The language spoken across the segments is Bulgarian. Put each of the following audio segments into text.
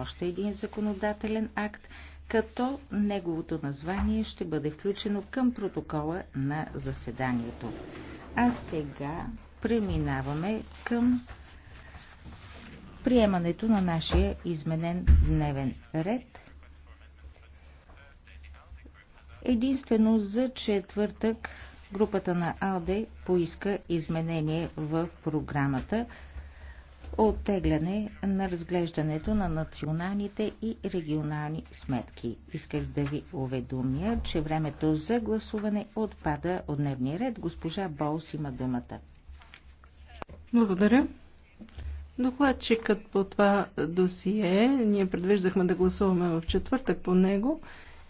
още един законодателен акт, като неговото название ще бъде включено към протокола на заседанието. А сега преминаваме към приемането на нашия изменен дневен ред. Единствено за четвъртък групата на АЛДЕ поиска изменение в програмата, оттегляне на разглеждането на националните и регионални сметки. Исках да ви уведомя, че времето за гласуване отпада от дневния ред. Госпожа Болс има думата. Благодаря. Докладчикът по това досие, ние предвиждахме да гласуваме в четвъртък по него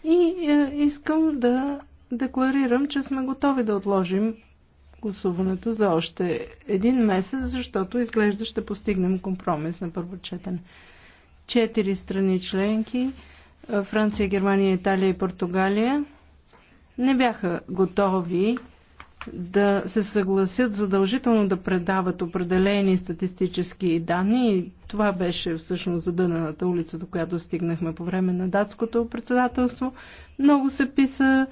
и е, искам да декларирам, че сме готови да отложим гласуването за още един месец, защото изглежда ще постигнем компромис на първо четене. Четири страни членки Франция, Германия, Италия и Португалия не бяха готови да се съгласят задължително да предават определени статистически данни. И това беше всъщност задънената улица, до която стигнахме по време на датското председателство. Много се писа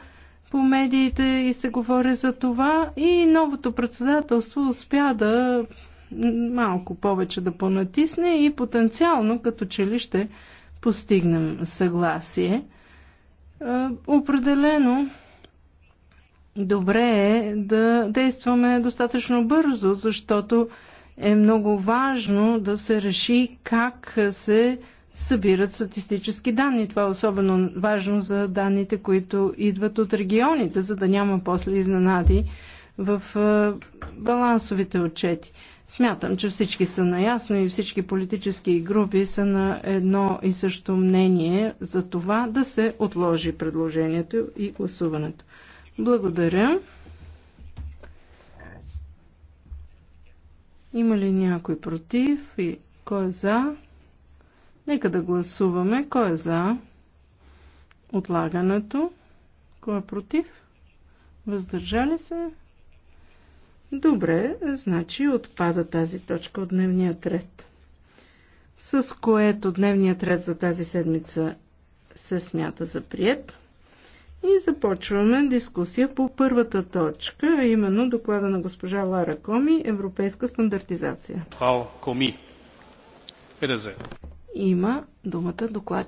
по медиите и се говори за това и новото председателство успя да малко повече да понатисне и потенциално като че ли ще постигнем съгласие. Е, определено добре е да действаме достатъчно бързо, защото е много важно да се реши как се събират статистически данни. Това е особено важно за данните, които идват от регионите, за да няма после изненади в е, балансовите отчети. Смятам, че всички са наясно и всички политически групи са на едно и също мнение за това да се отложи предложението и гласуването. Благодаря. Има ли някой против и кой е за? Нека да гласуваме кой е за отлагането, кой е против, въздържали се. Добре, значи отпада тази точка от дневния ред, с което дневният ред за тази седмица се смята за прият. И започваме дискусия по първата точка, а именно доклада на госпожа Лара Коми, Европейска стандартизация. Фрау Коми, Wiedersehen има думата доклад.